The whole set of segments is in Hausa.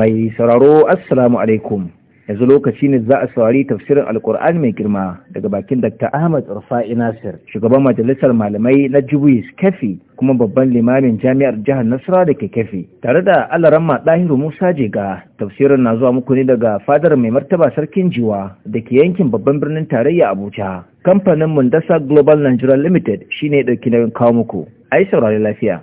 mai sauraro assalamu alaikum yanzu lokaci ne za a saurari tafsirin alkur'ani mai girma daga bakin dr ahmad rufai nasir shugaban majalisar malamai na jubis kefi kuma babban limamin jami'ar jihar nasara da ke kefi tare da alaramma ɗahiru musa jega tafsirin na zuwa muku ne daga fadar mai martaba sarkin jiwa da ke yankin babban birnin tarayya abuja kamfanin mundasa global nigeria limited shine dauki nauyin kawo muku ai saurari lafiya.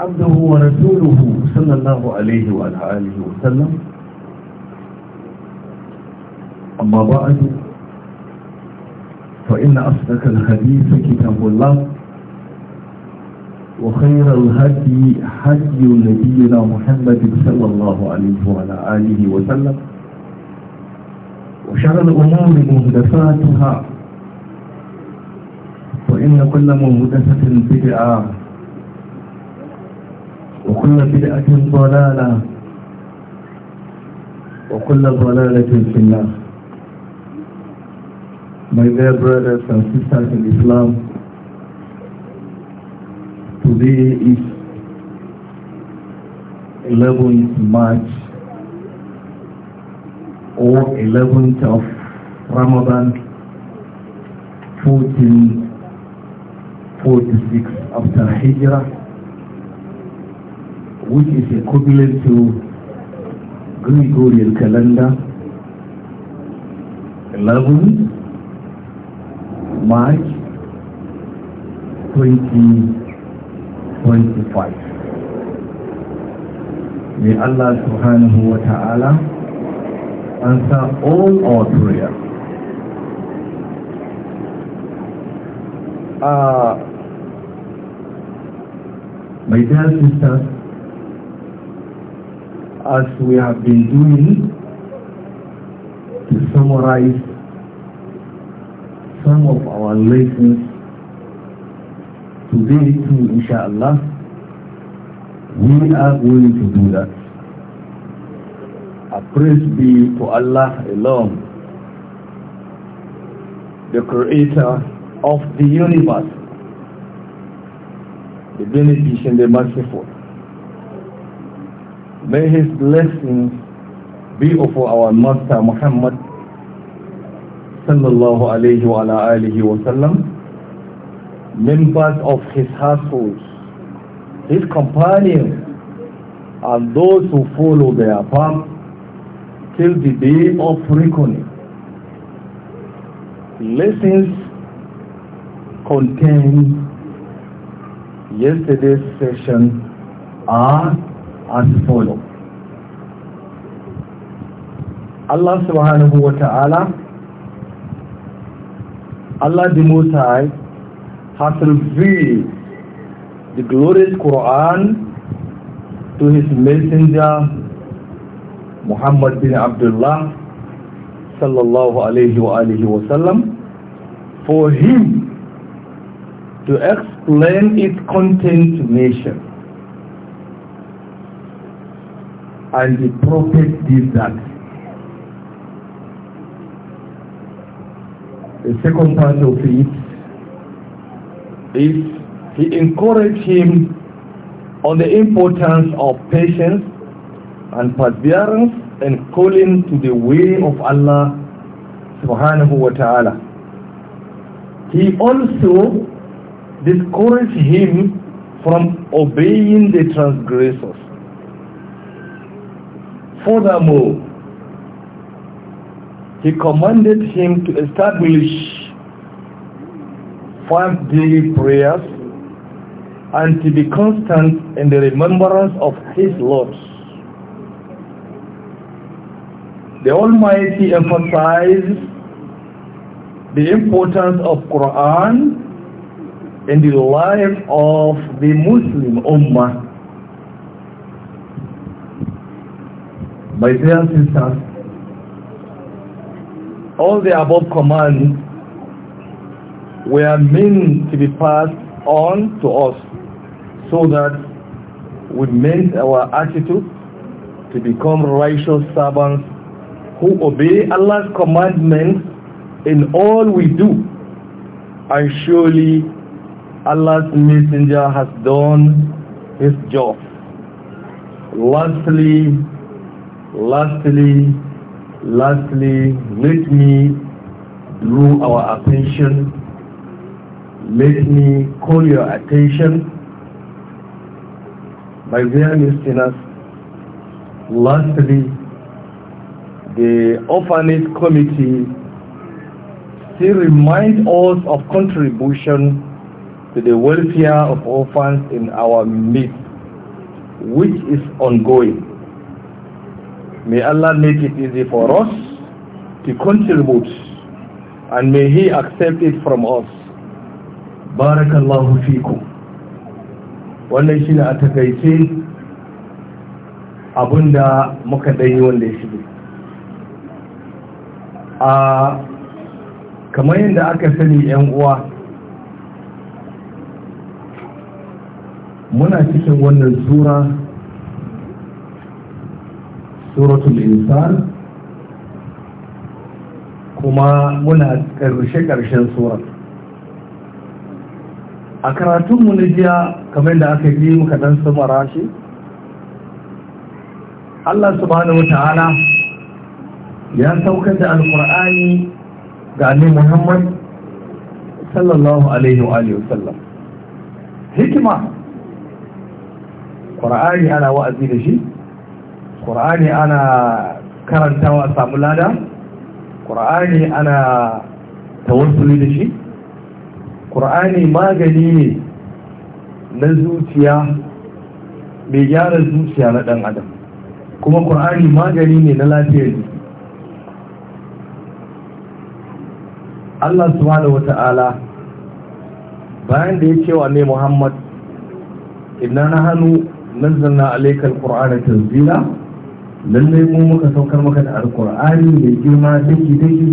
عبده ورسوله صلى الله عليه وعلى آله وسلم أما بعد فإن أصدق الحديث كتاب الله وخير الهدي هدي نبينا محمد صلى الله عليه وعلى آله وسلم وشر الأمور مهدفاتها وإن كل مهدفة بدعة وكل بدعة ضلالة وكل ضلالة في النار My dear brothers and sisters in Islam Today is 11th March or 11th of Ramadan 1446 after Hijrah which is equivalent to Gregorian calendar 11 March 2025. May Allah subhanahu wa ta'ala answer all our prayer. Uh, my dear sisters, as we have been doing to summarize some of our lessons today too inshallah we are going to do that a praise be to Allah alone the creator of the universe the beneficent the merciful May his blessings be upon our Master Muhammad sallallahu alayhi wa wa sallam, members of his household, his companions, and those who follow their path till the day of reckoning. Lessons contained yesterday's session are as follows. Allah subhanahu wa ta'ala, Allah the Most High has revealed the glorious Quran to his messenger Muhammad bin Abdullah sallallahu alayhi wa sallam for him to explain its content to nations. and the prophet did that. The second part of it is he encouraged him on the importance of patience and perseverance and calling to the way of Allah subhanahu wa ta'ala. He also discouraged him from obeying the transgressors Furthermore, he commanded him to establish five-day prayers and to be constant in the remembrance of his Lord. The Almighty emphasized the importance of Quran in the life of the Muslim Ummah My dear sisters, all the above commands were meant to be passed on to us so that we meant our attitude to become righteous servants who obey Allah's commandments in all we do. And surely Allah's messenger has done his job. Lastly, Lastly, lastly, let me draw our attention, let me call your attention, my dear listeners, lastly, the Orphanage Committee still reminds us of contribution to the welfare of orphans in our midst, which is ongoing. May Allah make it easy for us to contribute and may He accept it from us. Barakallahu fikum. Wannan shi ne a takaice abinda muka danyi wanda ya shige. A kamar yadda aka sani ‘yan uwa muna cikin wannan zura suratul insan kuma muna ƙarshe-ƙarshen surat a karatunmu na jiya kamar da aka yi muka ɗan samara shi Allah subhanahu wata'ala ya saukar da alkur'ani ga ne muhammad sallallahu alaihi wa sallam hikima ƙur'ani ana wa'azi da shi ƙur'ani ana karantawa a samu lada ƙur'ani ana tawassuli da shi ƙur'ani magani ne na zuciya mai gyara zuciya na ɗan adam kuma ƙur'ani magani ne na lafiyar ne Allah subhanahu wata'ala bayan da ya cewa ne Muhammad na nahanu nazzalna alaykal qur'ana tanzila lallai mu muka saukar maka da alkur'ani mai girma daki daki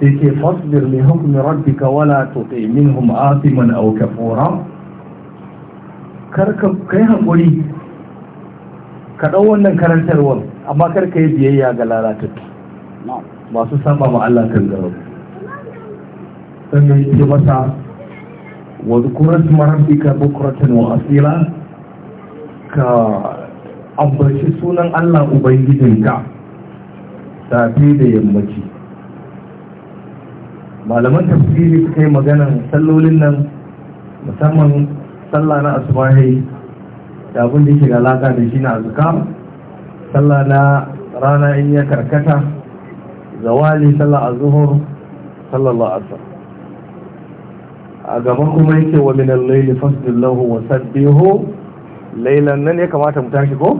sai ke fasbir li rabbi rabbika wala to min minhum asiman auka kafura kar ka kai hakuri ka ɗau wannan karantarwar amma kar ka yi biyayya ga lalatattu masu saba ma Allah kan garo sannan yake masa wa dhkur isma rabbika bukratan wa asila ka ambaci sunan Allah Ubangijinka safe da yammaci malaman tafsiri suka yi maganan sallolin nan musamman sallah na asubahai da abin da yake da alaƙa da shi na azuka sallah na rana in ya karkata zawali sallah zuhur, sallallahu asar a gaban kuma yake wa minan al fasdillahu wa sabbihu lailan nan ya kamata mu tashi ko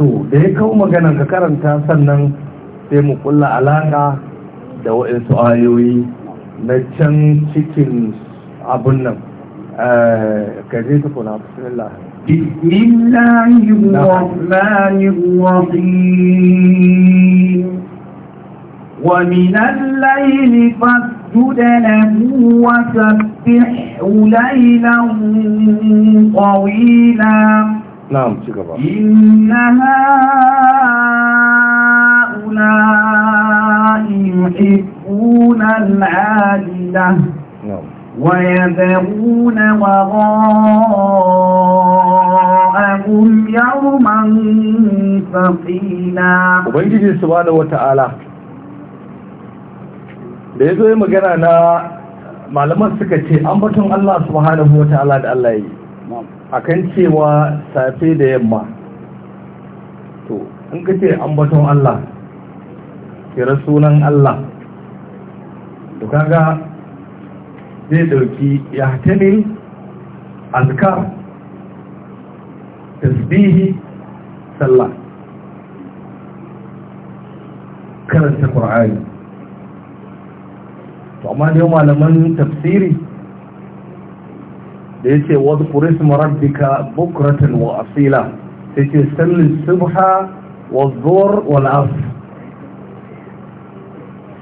to da ya kawo maganan ka karanta sannan sai mu kulla alaka da waɗansu ayoyi na can cikin abun nan eh, ka je ta kula bismillah بسم الله الرحمن الرحيم ومن الليل فاسر فاسجد له وسبحه ليلا طويلا نعم إن هؤلاء يحبون العاجلة ويذرون وراءهم يوما ثقيلا وبنجي سبحانه وتعالى da ya zo yi magana na malaman suka ce an batun Allah subhanahu hota ta'ala da Allah yi kan cewa safe da yamma to in ka ce an batun Allah kira sunan Allah to kaga zai dauki ya tamil azkar tasbihi sallah karanta ƙura'ayi to amma dai malaman tafsiri da yace wadda kurism rabbika bukratan wa asila sai ce sallin subha wa zuwar wal asr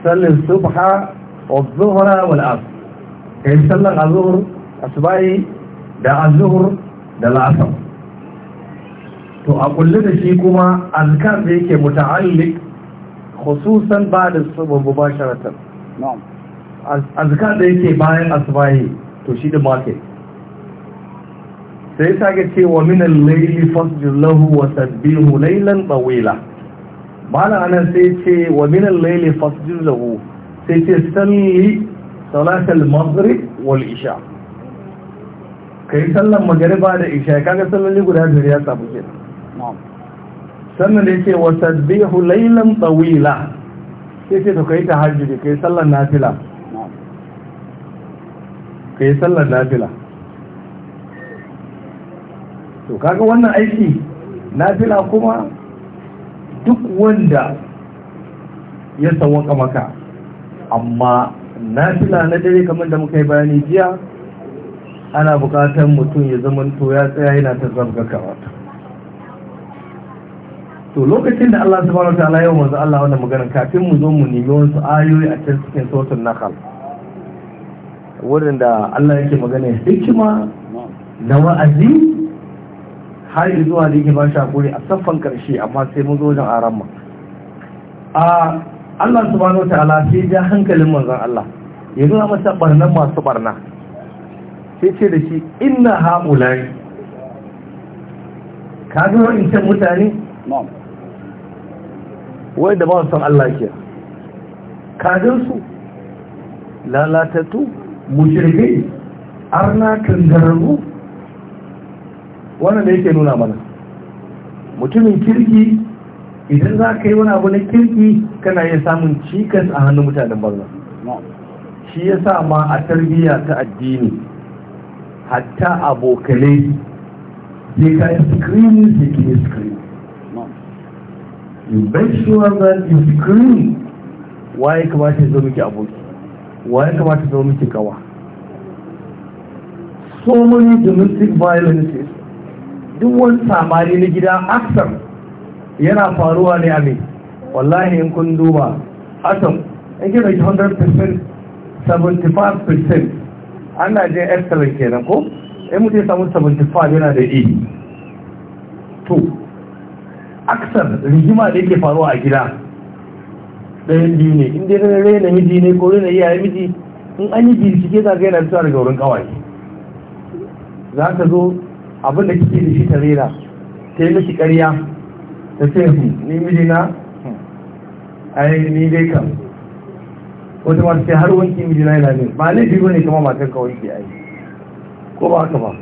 sallin subha wa zuhra wal asr kai sallan azhur asbai da azhur da la'asar to a kulle da shi kuma azkar da yake muta'alliq khususan ba da subuh mubasharatan na'am azkar da yake bayan asbahi to shi da market sai sake cewa min laili layli lahu wa hulailan ɓawela. tawila bala anan sai ce wa minan laili layli lahu sai ce salli salatal maghrib wal isha kai sallan magriba da isha kaga ne guda biyar ya samu ke sannan da yake wa sabbihu hulailan tawila sai ce to kai tahajjudi kai sallan nafila ka yi sallar nafila to kaga wannan aiki nafila kuma duk wanda ya sawaka maka amma nafila na dare kamar da muka yi bayani jiya ana bukatar mutum ya zama to ya tsaya yana ta zarga karatu to lokacin da Allah subhanahu Ta'ala yau manzo Allah wannan magana kafin mu zo mu nemi wasu ayoyi a cikin sautin nakal. wurin da Allah yake magana ya hikima da wa'azi har zuwa da yake ba shi hakuri a saffan karshe amma sai mun zo wajen aramma a Allah subhanahu ta'ala sai ja hankalin manzon Allah ya nuna masa barnan masu barna sai ce da shi inna haulai ka ga can mutane wanda ba su san Allah ke kajinsu lalatattu mushrikai arna kangararru wannan da yake nuna mana mutumin kirki idan za ka yi wani abu na kirki kana iya samun cikas a hannun mutanen banza shi ya sa ma a tarbiyya ta addini hatta abokanai zai ka yi screening zai ki yi screen you make sure that you screen ya kamata ya zo miki aboki wa ya kamata zama miki kawa so many domestic violences duk wani samari na gida aksar yana faruwa ne a mai wallahi in kun duba atom in gina da 100% 75% an na jin excellent kenan ko in mutum samu 75 yana da e to aksar rigima da yake faruwa a gida ɗayan biyu ne in rai na miji ne ko raina iyaye miji in an yi bincike za ka yana fitowa daga wurin ƙawaye za ka zo abin da kike da shi ta rera ta yi miki ƙarya ta ce hmm, ni miji na ai ni dai kam wata mata ce har wanki miji na yana ne ba ne biyu ne kama matar ka wanki ai ko ba haka ba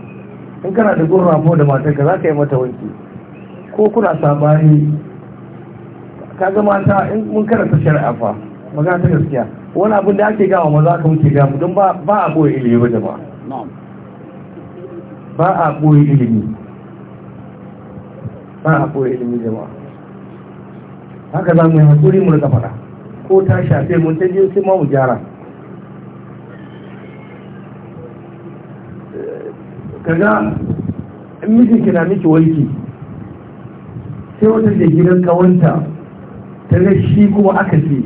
in kana da gurra ko da matar ka za ka yi mata wanki ko kuna sabani Ka zama ta in mun karanta shari'a fa maza ta gaskiya wani abin da ake gawa maza ka muke gamu don ba a boye ilimi ba da ba ba a boye ilimi ba a boye ilimi da ba haka za mu yi hakuri mu rika fada ko ta shafe mun ta je sai ma mu gyara kaga in mijinki na miki wanki sai wata ke gidan kawanta ta ga shi kuma aka ce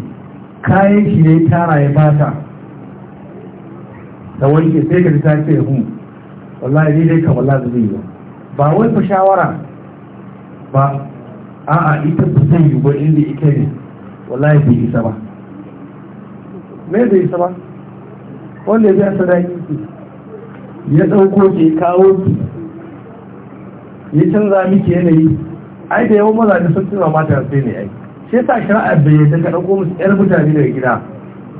kayan shi ne tara ya bata da wanke sai ka ta ce hu hmm, wallahi ne dai ka wallahi zai yi ba wai fi shawara ba a'a ita ba zai yi ba inda ike ne wallahi bai isa ba me bai isa ba wanda ya biya sadaki ya ɗauko ke kawo ki ya canza miki yanayi ai da yawan mazaje sun canza mata sai ne ai shi yasa shari'a bai yadda ka ɗauko musu yar mutane daga gida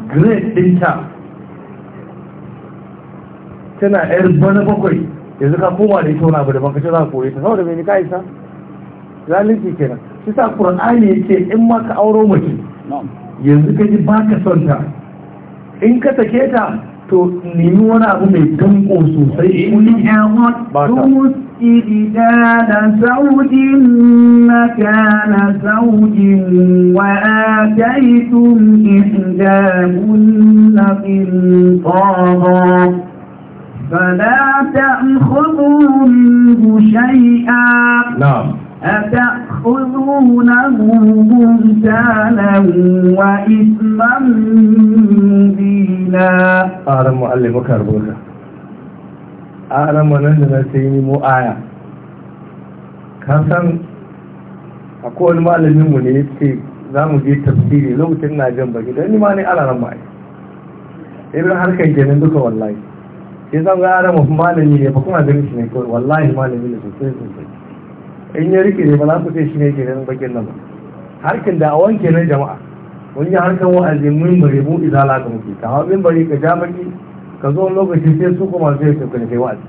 grade dinta tana yar bana bakwai yanzu ka koma da ita wani abu da ce za ka koye ta da mai ka isa zalunci kenan shi sa qur'ani ce, in ma ka auro mace yanzu ka ji ba ka son ta in ka sake ta to nemi wani abu mai danko sosai ba ta رجال زوج مكان زوج وآتيتم إحداهن قنطارا فلا تأخذونه شيئا نعم أتأخذونه بهتانا وإثما مبينا قال المعلم كربوكا a nan da na sai yi mu aya ka san a wani malamin mu ne ya ce za mu je tafsiri lokacin na jan baki don nima ne ala rama ai irin harkar kenan duka wallahi sai zan ga ara mafi malami ne ba kuma ganin shi ne kawai wallahi malami ne sosai sosai in ya rike ne ba za ku sai shi ne kenan bakin nan ba harkin da a wanke na jama'a wani harkar wa'azi mun bari mu izala ga muke ka hawa mun bari ka ja ka zo lokaci sai su kuma zai su kai kai wa'azi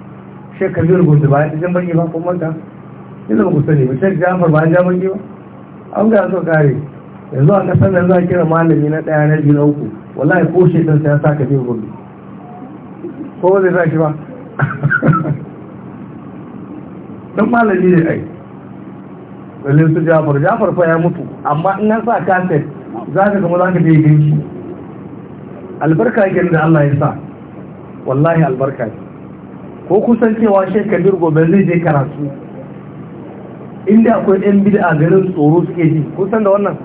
ka kabir gundu ba ya jan bangi ba kuma ta ina ku sani ba shek jamar ba ya bangi ba an ga so kare yanzu a kasar nan za a kira malami na daya na biyu na uku wallahi ko shi dan sai ya sa kabir gundu ko zai sa shi ba dan malami ne ai lalle su jafar jafar fa ya mutu amma in an sa kaset za ka kuma za ka je gan albarka yake da Allah ya sa wallahi albarka ne ko kusan cewa shek gobe zai je karatu inda akwai ɗan bid'a ganin tsoro suke ji kusan da wannan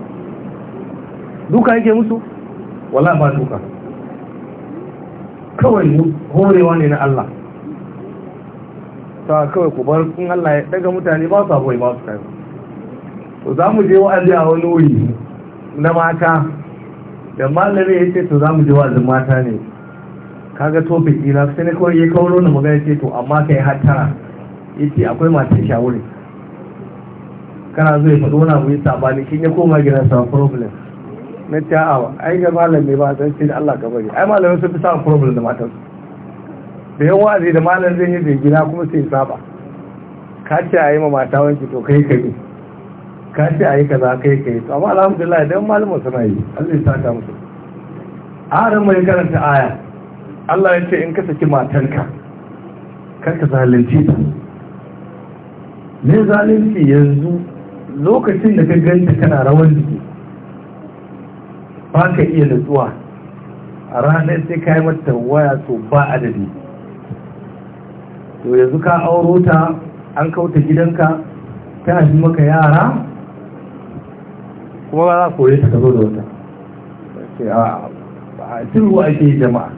duka yake musu wala ba duka kawai horewa ne na Allah ta kawai ku bar kun Allah ya daga mutane ba su abuwa ba su kai to za mu je wa'azi a wani wuri na mata da malami ya ce to za mu je wa mata ne kaga tofin ila sai ne kawai ya kawo na magana ce to amma ka yi hattara ce akwai matan shawuri kana zo ya faɗo na mu yi sabani shi ya koma gina sa problem na ce awa ai ga malam ne ba san da Allah ka bari ai malami sun fi samun problem da matan da yan wa'azi da malam zai yi zai gina kuma sai saba ka ce a yi ma mata wanki to kai ka yi ka ce a yi kaza kai ka yi to amma alhamdulillah idan malamin suna yi Allah ya saka musu a ran mai karanta aya Allah ya ce in ka saki matarka ka zalunci ta ne zalunci yanzu lokacin da ka ganta kana rawar jiki ba ka iya nutsuwa a ranar sai ka yi mata waya to ba adadi to yanzu ka auro ta an kauta gidanka ta haifi maka yara kuma ba za a kore ta zo da wata a ruwa ake jama'a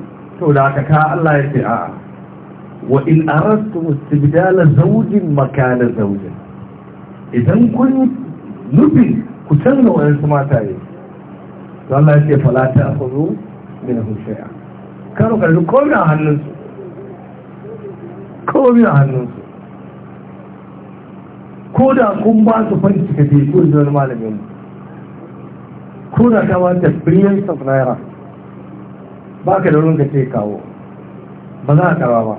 da haka ka Allah ya ce a wa in arastum istibdala zawjin makana zawjin idan kun nufi ku canza wani su ne. to Allah ya ce fala ta akhudhu min shay'a karo ka duk komai a hannunsu komai a hannunsu ko da kun ba su fanci ka teku da wani malamin ko da ka ba ta biliyan of naira ba ka da wurin ka ce kawo ba za a karba ba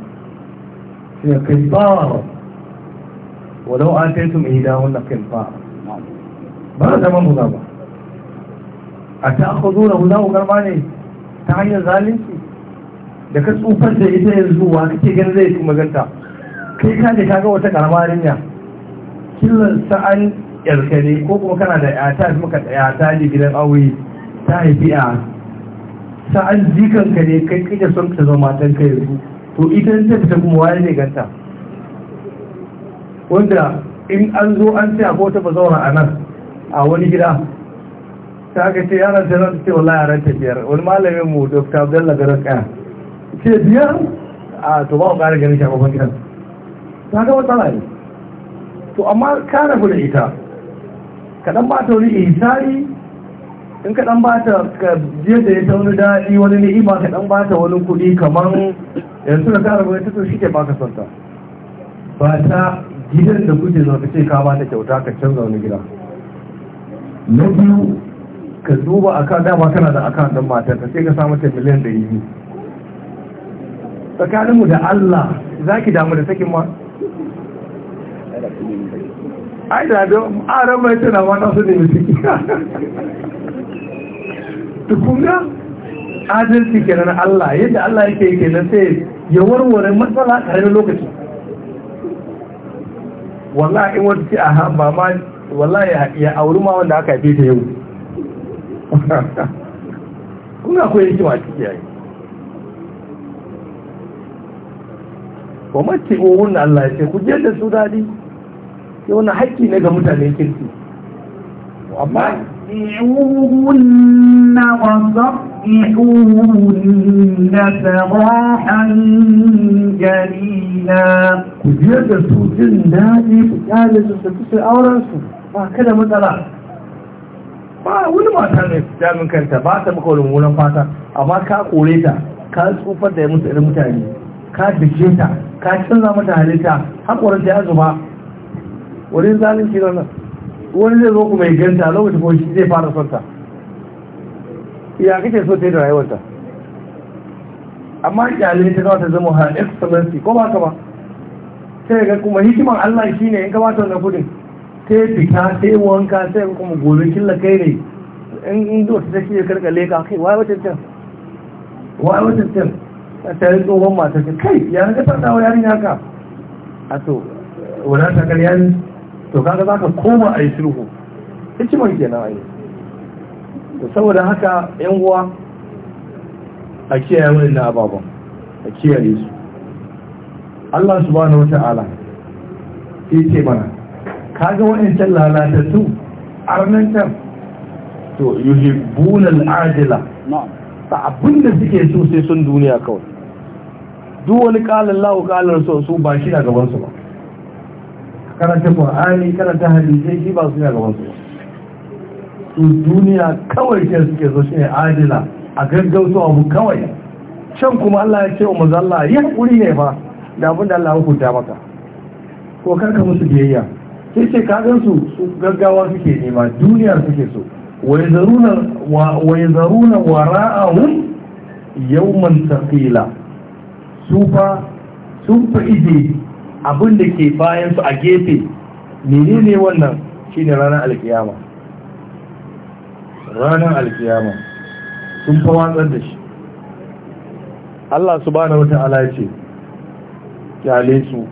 sai ka yi bawa ba wadau an tun mai da wannan kai ba ba za zama mu ba a ta aka zo da huzahu garba ne ta hanyar zalunci da ka tsufar da ita yanzu ka kake gani zai kuma ganta kai ka ka ga wata karama ya killar sa'an yarkare ko kuma kana da yata muka yata ne gidan aure ta haifi a sa'an jikanka ne kai da son ta zama matan ka yanzu to ita ta fita kuma waye ne ganta wanda in an zo an ce akwai wata bazawar a nan a wani gida ta ga ce yaran ta zata ce wallahi yaran ta biyar wani malamin mu dr abdullahi garin kaya ce biyar a to ba ku kara ganin shafafan gidan ta ga matsala ne to amma ka rabu da ita kaɗan ba ta wani ihsani in ka dan bata ka je da ya tauni dadi wani ni'ima ka dan bata wani kuɗi kamar yanzu da kara bai tato shi ke baka santa ba ta gidan da kuke zo ka ce ka bata kyauta ka canza wani gida na biyu ka duba kan dama kana da akan dan matar ka sai ka samu ta miliyan da yi tsakaninmu da Allah za ki damu da sakin ma ai da don arama tana na su ne mutum Kunga adalci kenan Allah yadda Allah yake kenan sai ya warware matsala tare da lokaci wallah in wata ce a hamba ma wallah ya auri ma wanda aka fi ta yau kuna yake hikima ciki yayi ko mace ohun Allah ya ce ku je da su daɗi yau na haƙƙi ne ga mutane kirki amma فاسمعوهن وسبحوهن سراحا جليلا كجير دسو جن دادي فقال سسكس الأورانسو ما كده مدلا ba wani mata mai damin kanta ba ta maka wani munan fata amma ka kore ta ka tsufar da ya musu mutane ka dake ta ka canza mata halitta haƙorin ta ya zuba wurin zalunci nan wani zai zo kuma ya ganta lokacin kuma shi zai fara sonta ya kake so ta yi da rayuwarta amma kyale ta ta zama ha excellency ko ba ka ba sai ga kuma hikiman Allah shi ne in ka bata wannan kudin ta yi fita ta yi wanka ta yi kuma gobe killa kai ne in zo ta shi ya karka leka kai wa wata can wai wata can ta yi tsohon mata ta kai ya ga ta dawo yarinya ka? a to wadata yari. to kaga za ka koma a yi sulhu hikimar kenan ai to saboda haka yan uwa a kiyaye wani na ababen a kiyaye su Allah subhanahu wata'ala ta'ala sai ce mana kaga wa'ancan lalatattu arnantar to yuhibbuna al'ajila ta abinda suke so sai sun duniya kawai duk wani kalan lawo kalan so su ba shi na gaban su ba karanta ƙwa'ani karanta hadisai shi ba su ne gaban su su duniya kawai ke suke so shi ne adila a gaggauto abu kawai can kuma Allah ya ce wa mazalla ya haƙuri ne ba da abin da Allah hukunta maka ko karka musu biyayya sai ce kagan su gaggawa suke nema duniya suke so wai zaruna wara'ahun yawman taqila su fa sun fa ide abin da ke bayansu a gefe menene wannan shine ranar alkiyama ranar alkiyama sun fawatsar da shi Allah subhanahu wata ta'ala ce kyale su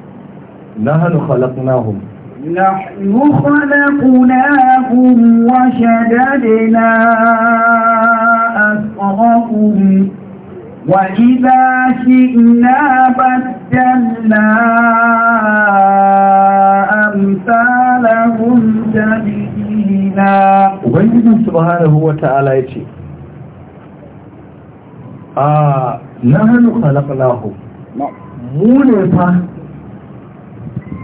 nahnu khalaqnahum نحن خلقناهم وشددنا أسرهم na شئنا بدلنا na ubangijin subhanahu wata'ala ce a nahnu khalaqnahu mu ne fa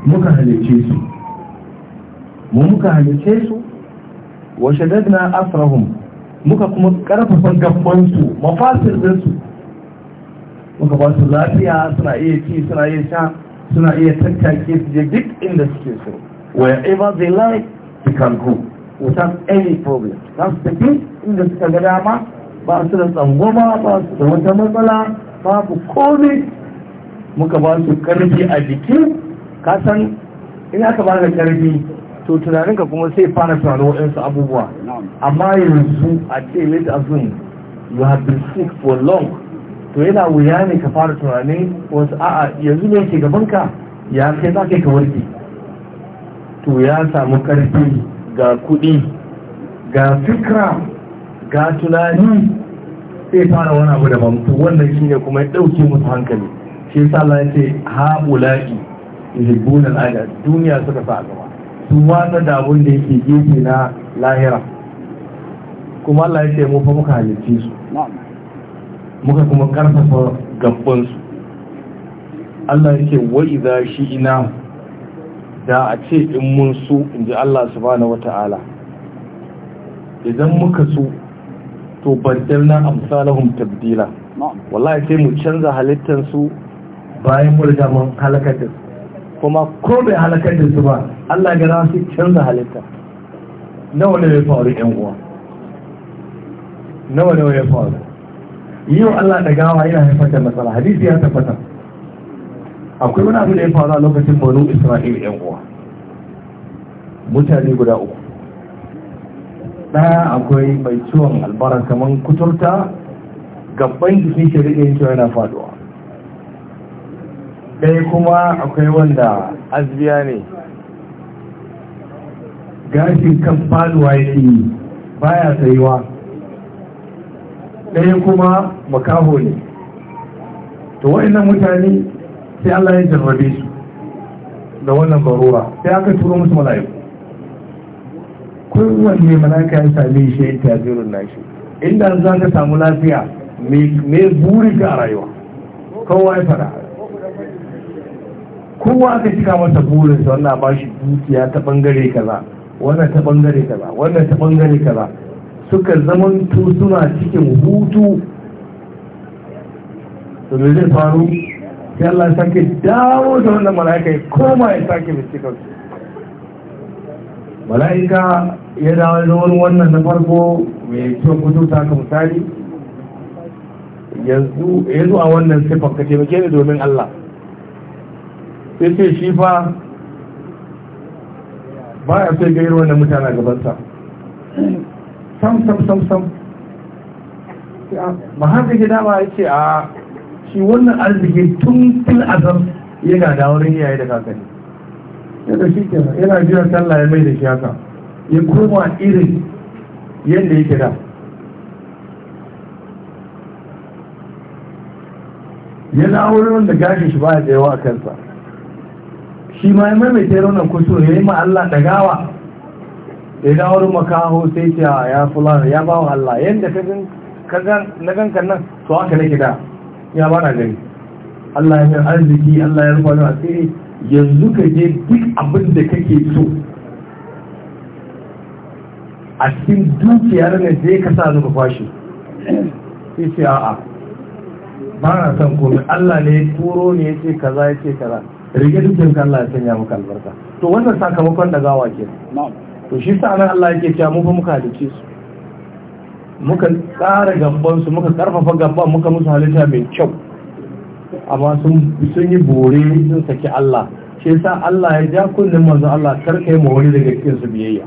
muka halice su mu muka halice su wa na asrahum muka kuma karfafa gaban su mafasir din su muka ba su lafiya suna iya ci suna iya sha suna iya tattake su je duk inda suke so ya they like they can go without any problem za su tafi inda suka ga dama ba su da tsangoma ba su da wata matsala babu komai muka ba su karfi a jiki ka san in aka ba da karfi to tunaninka kuma sai fara tunanin waɗansu abubuwa amma yanzu a ce late afternoon you have been sick for long to yana wuya ne ka fara tunanin wasu a'a yanzu ne ke gabanka ya kai za ka warke to ya samu karfi ga kuɗi ga fikra ga tunani sai fara wani abu da mamtu wannan shi ne kuma ya ɗauke musu hankali shi yasa Allah ya ce haɓula'i yuhibbuna al'ada duniya suka sa gaba su watsa da abun da yake gefe na lahira kuma Allah ya ce mu fa muka halicce su muka kuma karfafa gabban su Allah ya ce wa idza shi'na da a ce in mun su in ji Allah subhanahu wata'ala idan muka so to na amsalahun tabdila wallahi sai mu canza halittarsu bayan murga mun halakatar kuma ko bai halakatar su ba Allah ga za su canza halitta nawa ne ya faru yan uwa nawa ne ya faru yau Allah da gawa yana haifar da matsala hadisi ya tabbatar akwai wani abin da ya faru a lokacin banu isra'il yan uwa mutane guda uku ɗaya akwai mai ciwon albara kamar kuturta gaban jikin yin cewa yana faduwa ɗaya kuma akwai wanda azbiya ne gashin kan faduwa yake yi baya tsayuwa ɗaya kuma makaho ne to wa'in mutane sai Allah ya jarrabe su da wannan barura sai aka turo musu mala'iku kowanne mala'ika ya same shi ya tajirin nashi inda za ka samu lafiya me buri ga a rayuwa kowa ya fara kowa aka cika masa burinsa wannan ba shi dukiya ta bangare kaza wannan ta bangare kaza wannan ta bangare kaza suka zamanto suna cikin hutu to ne zai faru sai Allah ya sake dawo da wannan mala'ika ya koma ya sake bincika mala'ika ya dawo da wani wannan na farko mai kyau kudu ta ka misali yanzu a wannan siffar ka taimake ne domin Allah sai ce shi fa ba ya sai gairu wannan mutane gabansa sam sam sam sam ma haka gida ba ya ce a shi wannan arziki tun fil azam yana da wurin iyaye da kakanni yadda shi ke yana jira sallah ya mai da shi haka ya koma irin yadda yake da yana wurin wanda gashi shi baya tsayawa a kansa shi ma ya maimaita raunar kusur ya yi ma Allah dagawa da ya wurin makaho sai ce ah, ya fulana ya bawa Allah yadda ka gan na gankan nan to haka nake da ya ba na gani Allah ya san arziki Allah ya rufa a asiri yanzu ka je duk abin da kake so a cikin dukiyar ne sai ka sa zuka fashi sai ce a'a ba na san komai Allah ne ya turo ne ya ce kaza ya ce kaza rike dukkan ka Allah ya sanya maka albarka to wannan sakamakon da gawa ke to shi sa nan Allah yake cewa mu fa muka halice su muka tsara gabansu muka karfafa gamban muka musu halitta mai kyau amma sun yi bore sun saki Allah shi sa Allah ya ja kunnen manzo Allah karka yi wani daga cikin su biyayya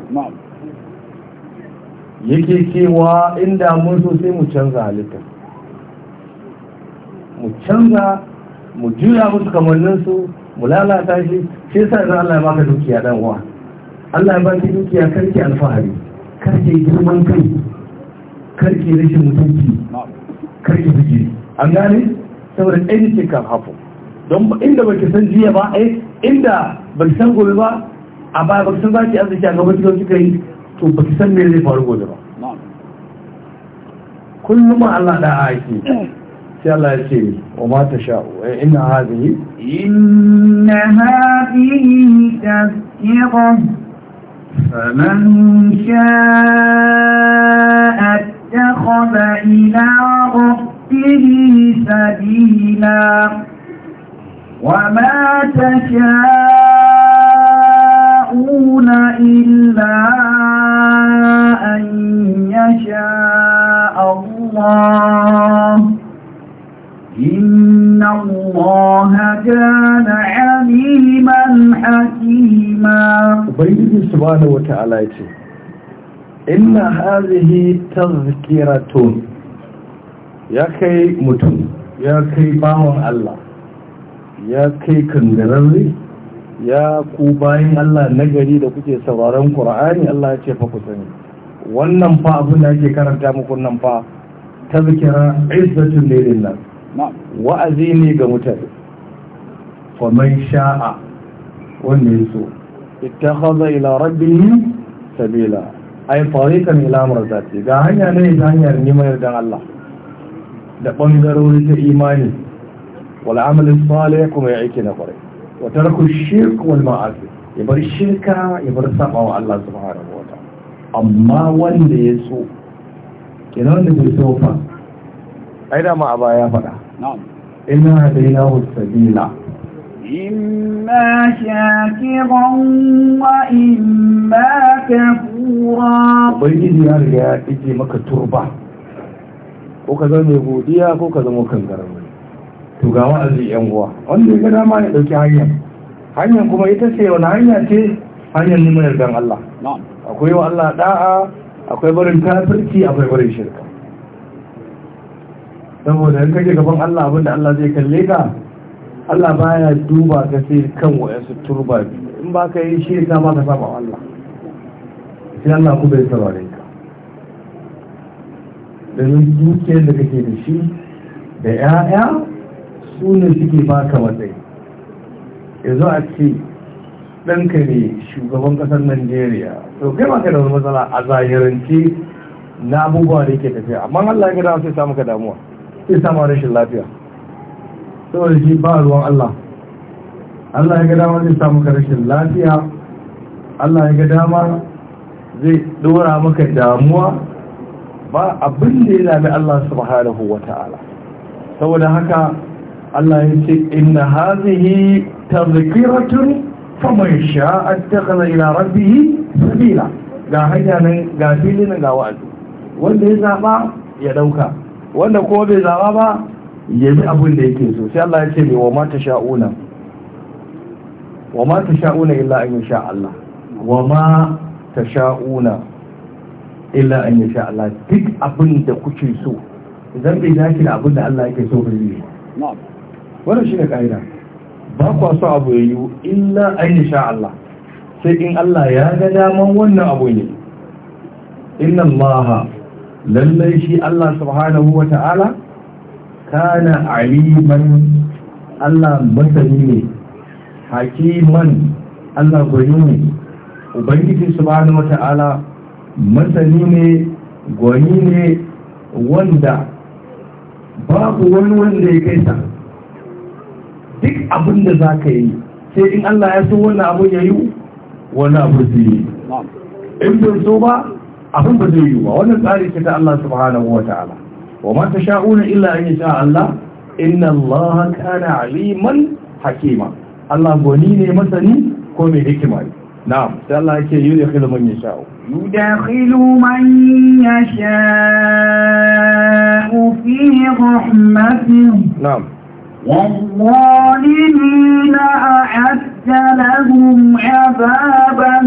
yake cewa inda mun so sai mu canza halitta mu canza mu juya musu kamannin su mu lalata shi shi sa idan Allah ya baka dukiya dan uwa Allah ya baki dukiya karki alfahari karki girman kai karki rashin mutunci karki suke an gane saboda anything kan hafu don inda baki san jiya ba ai eh, inda baki san gobe ba a baya baki san zaki arziki a gaban cikin kika yi to baki san me zai faru gobe ba kullum Allah da aiki sai Allah ya ce wa ma ta sha'u eh, inna hadhihi inna hadhihi tazkirah فمن شاء اتخذ إلى ربه سبيلا وما تشاءون إلا أن يشاء الله إن الله كان عليما حكيما وبيده سبحانه وتعالى يتيه inna hazihi tazkiratun ya kai mutum ya kai bawon Allah ya kai kangararre ya ku bayan Allah nagari da kuke sauraron Qur'ani Allah ya ce fa ku sani wannan fa abin da ake karanta muku nan fa tazkira izzatun lillah wa'azi ne ga mutane fa man sha'a wanda yaso ittakhadha ila rabbihi sabila ay tariqan ila marzati ga hanya ne ta hanyar neman yardan Allah da bangarori ta imani wal amal salih kuma aiki na kwarai wa tarku shirku wal ma'asi ya bar shirka ya bar saba Allah subhanahu wa ta'ala amma wanda ya so kina wanda bai so fa ai da ma a baya faɗa na'am inna hadaynahu sabila إما شاكرا وإما كفورا ubangiji ya riga ya ɗige maka turba ko ka zama mai godiya ko ka zama kan garaba to ga wa'azi yan uwa wanda ya ga dama ya ɗauki hanyar hanyar kuma ita ce wani hanya ce hanyar neman yardan Allah akwai wa Allah da'a akwai barin kafirci akwai barin shirka saboda in ke gaban Allah abinda Allah zai kalle ka Allah baya duba ka sai kan wayansu turba biyu in ba ka yi ya ma ka saba Allah sai Allah ku bai saurare ka domin dukiyar da kake da shi da 'ya'ya su ne suke baka matsayi yanzu a ce ɗanka ne shugaban ƙasar Najeriya to kai ba ka da wani matsala a zahirance na abubuwa da yake tafiya amma Allah ya ga sai samu ka damuwa sai samu rashin lafiya saboda shi ba ruwan Allah Allah ya ga dama zai samu rashin lafiya Allah ya ga dama zai dora maka damuwa ba abin da ya lami Allah subhanahu wa ta'ala saboda haka Allah ya ce inna hazihi tazkiratun faman sha'a ittakhadha ila rabbih sabila ga hanya nan ga filin ga wa'azi wanda ya zaba ya dauka wanda ko bai zaba ba yayi abin da yake so sai Allah ya ce ne wa ma tasha'una wa ma tasha'una illa an yasha Allah wa ma tasha'una illa an yasha Allah duk abin da kuke so idan bai dace da abin da Allah yake so ba ne wannan shine kaida ba kwa so abu yayi illa an yasha Allah sai in Allah ya ga daman wannan abu ne inna Allah lallai shi Allah subhanahu wa ta'ala kana aliman Allah masani ne hakiman Allah gwani ne ubangiji subhanahu wata'ala masani ne gwani ne wanda babu wani wanda ya kai sa duk abin da za ka yi sai in Allah ya so wani abu ya yi wani abu zai yi in bai so ba abin ba zai yi ba wannan tsari ce ta Allah subhanahu wata'ala wa ma tasha'una illa an yasha Allah inna Allah kana aliman hakima Allah goni ne masani ko mai hikima ne na'am sai Allah yake yudkhilu man yasha'u yudkhilu man na'am والظالمين أعد لهم عذابا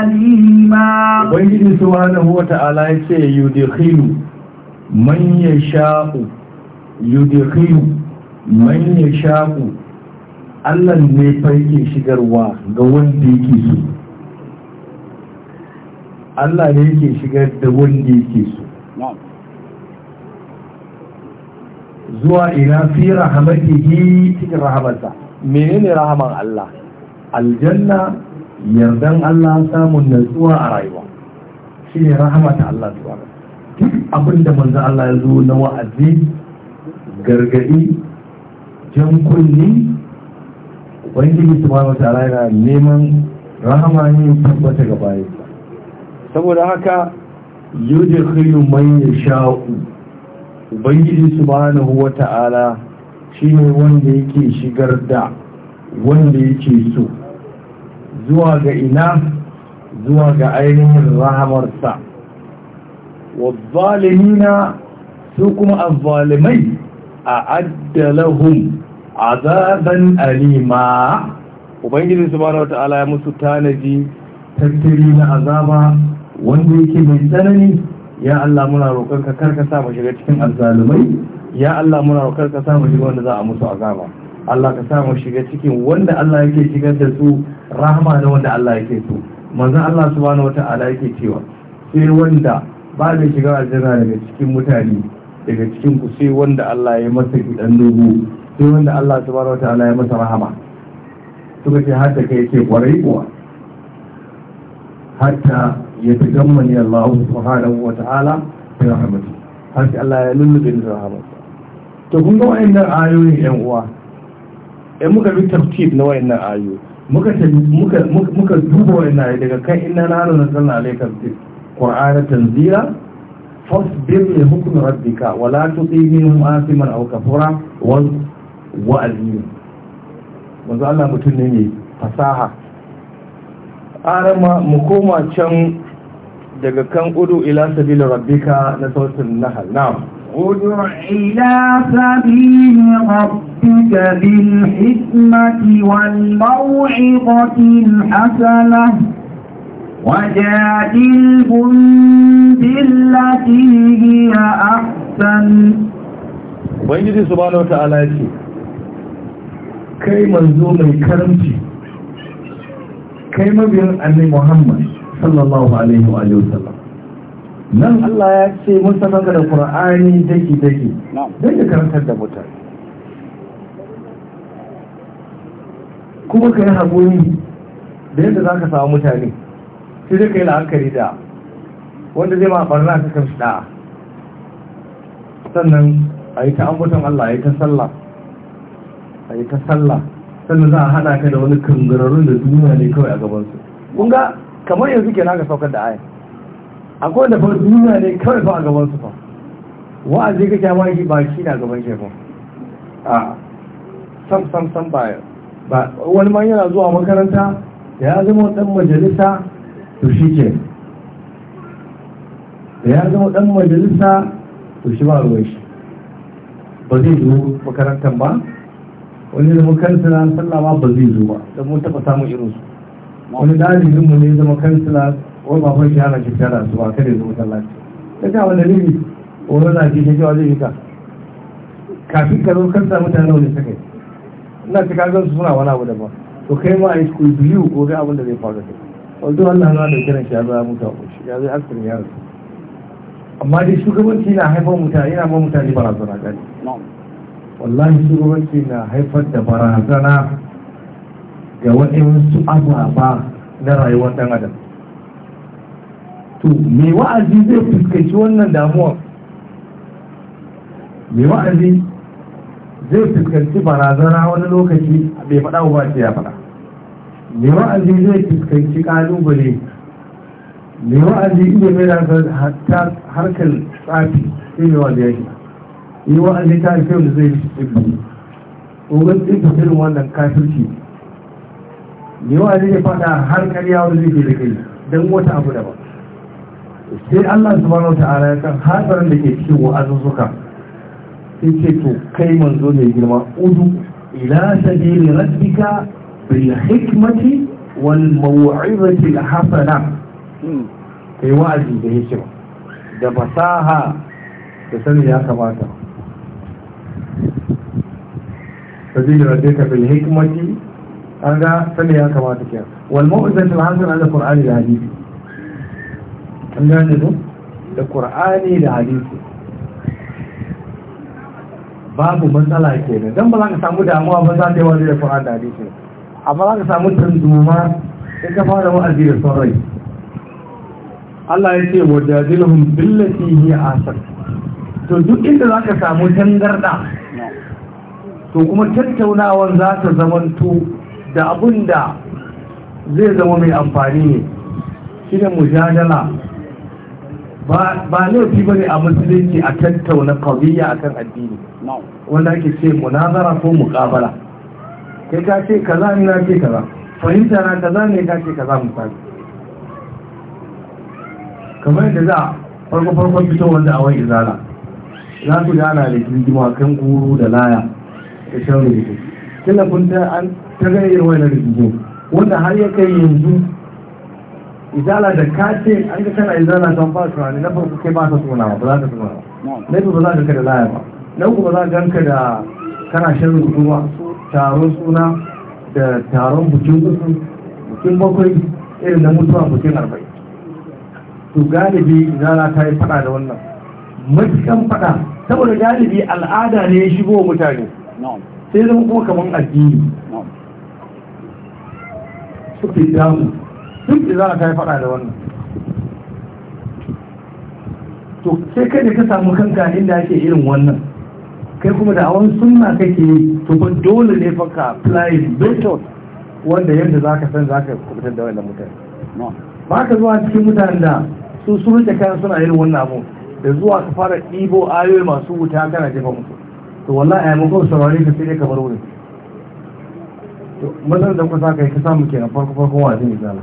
أليما وإن سبحانه وتعالى يدخل من يشاء يدخل من يشاء الله sha'u Allah ne fa shigarwa ga wanda yake so Allah ne yake shigar da wanda yake so zuwa ina fi rahamatihi cikin rahamarsa menene rahaman Allah aljanna yardan Allah samun natsuwa a rayuwa shi ne rahamata Allah subhanahu abin da manzo Allah ya zo na wa'azi gargadi jan kunni ubangiji subhanahu ta'ala yana neman rahama ne tabbata ga bayi saboda haka yudkhilu man yasha'u ubangiji subhanahu ta'ala shine wanda yake shigar da wanda yake so zuwa ga ina zuwa ga ainihin rahamarsa والظالمين سوكم الظالمين أعد لهم عذابا alima ubangiji subhanahu wataala ya musu tanadi tattari na azaba wanda yake mai tsanani ya Allah muna roƙar ka sa mu shiga cikin azzalumai ya Allah roƙar ka sa shiga wanda za Allah ka sa mu shiga cikin wanda Allah yake shigar da su rahama da wanda Allah yake so manzo Allah subhanahu wataala yake cewa sai wanda ba zai shiga aljanna daga cikin mutane daga cikin ku sai wanda Allah ya masa kidan dogo sai wanda Allah subhanahu wataala ya masa rahama suka ce hatta kai ce kwarai kuwa hatta ya fi gammani Allah subhanahu wataala da rahmatu har sai Allah ya lulluɓe da rahmatihi to kun ga wayannan ayoyin yan uwa in muka bi tafsir na wayannan ayoyi muka muka muka duba wayannan daga kan inna nanu nazzalna alaikal dhikr qur'ana tanzila fasbir li hukmi rabbika wa la tuti minhum asiman aw kafura wal wa'azim manzo Allah mutum ne mai fasaha arama mu koma can daga kan udu ila sabila rabbika na sautin nahal na'am udu ila sabila rabbika bil hikmati wal maw'izati hasanah وجادلهم بالتي هي أحسن Ubangiji subhanahu wa ta'ala ya ce, Kai manzo mai karamci, kai mabiyan annabi Muhammad sallallahu Alaihi wa Nan Allah ya ce musa maka da Kur'ani daki-daki, don ya karantar da mutane. Kuma ka yi haƙuri da yadda za ka samu mutane. sai dai kai la'ankari da wanda zai ma faruwa ta kan shida sannan a yi ta ambaton Allah a yi ta sallah a yi ta sallah sannan za a hada ka da wani kangararrun da duniya ne kawai a gabansu kunga kamar yanzu ke na ga saukar da aya akwai da fara duniya ne kawai fa a gabansu fa wa'azi kake ma yi ba shi na gaban shi a sam sam sam ba wani manyan yana zuwa makaranta ya zama dan majalisa to shi ke da ya zama ɗan majalisa to shi ba ruwan shi ba zai zo makarantar ba wani zama kansila sallama ba zai zo ba don mun taɓa samun irinsu wani mu ne zama kansila wani baban shi ana shi da su ba kare zo masallaci ta ta wani dalili wani na ji shi jawa zai yi ka kafin ka zo kansa mutane wani sakai ina cika kagan su suna wani abu ba to kai ma a yi ku yi ko ga abin da zai faru da kai wanzu wannan na da kiran shi ya zama mutu a kushi ya zai asirin ya zai amma dai shugabanci na haifar mutane yana ba mutane barazana gani wallahi shugabanci na haifar da barazana ga waɗansu ababa na rayuwar ɗan adam to mai wa'azi zai fuskanci wannan damuwar mai wa'azi zai fuskanci barazana wani lokaci bai faɗa ba ce ya faɗa mai wa'azi zai fuskanci kalubale mai wa'azi iya mai da harkar tsafi sai mai wa'azi ya shi yi wa'azi ta yau wanda zai fi tsibi ogun tsibi irin wannan kafirci mai wa'azi ya fada har karya zai fi da kai don wata abu daban sai allah subhanahu wa ta'ala ya kan hatsarin da ke cikin wa'azin suka sai ce to kai manzo mai girma udu ila sabili rabbika بالحكمة والموعظة الحسنة في wa'azi da hikima da fasaha da ya kamata sabili rabbi ka sani ya kamata ke wal da ke da babu matsala kenan don ba za ka samu damuwa ba za ta yi wani da da hadisi amma za ka samu tanzuma in ka fara wa'azi da son rai Allah ya ce wa jadilhum billati hi asar to duk inda za ka samu tangarda to kuma tattaunawan za ta zamanto da abun da zai zama mai amfani ne shi ne mujadala ba laifi ba ne a musulunci a tattauna kawiyya akan addini wanda ake ce munazara ko muƙabala kai ka ce kaza ni na ce kaza fahimta na kaza ne ka ce kaza sa kamar da za farko farkon wanda a awon izala za su ana da jirgima kan kuru da laya da shan rubutu Tana ta an ta gayyar na rigijo wanda har ya kai yanzu izala da ka ce an ga kana izala don ba su rani na farko kai ba ta suna ba za ka suna ba na biyu ba za ka da laya ba na uku ba za ka ganka da kana shan rubutu ba taron suna da taron bukin uku bukin bakwai irin na mutuwa bukin arba'in to galibi zana ta yi fada da wannan matukan fada saboda galibi al'ada ne ya shigo wa mutane sai zama kuma kamar addini fi damu duk da zana ta yi fada da wannan to sai kai ne ka samu kanka inda ake irin wannan kai kuma da hawan sunna kake to ba dole ne fa ka apply method wanda yadda za ka san za ka kubutar da wannan mutane ba ka zuwa cikin mutanen da su su rike kayan suna yin wannan abu da zuwa ka fara ɗibo ayoyi masu wuta kana jefa musu to wallahi a yamakon saurari ka sai dai kamar wurin to matsalar da kusa kai ka samu kenan farko farko wa zai zala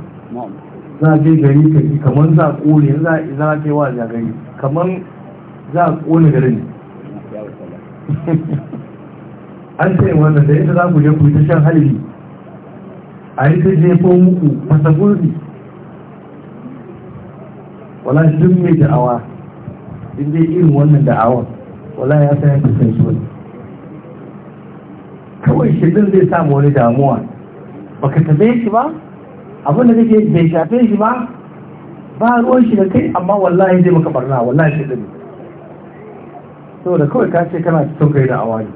za a je gari ka ji kamar za a ƙone za a za a kai wa gari kamar za a ƙone garin an sai wannan da yadda za ku je ku yi ta shan halili a yi ta jefo muku masa gurbi wala shi duk mai da'awa in dai irin wannan da'awar wala ya sa yanka sai su kawai shirin zai samu wani damuwa baka tabe shi ba abin da kake shafe shi ba ba ruwan shi da kai amma wallahi zai maka barna wallahi shirin da kawai kace kana son kai da ne.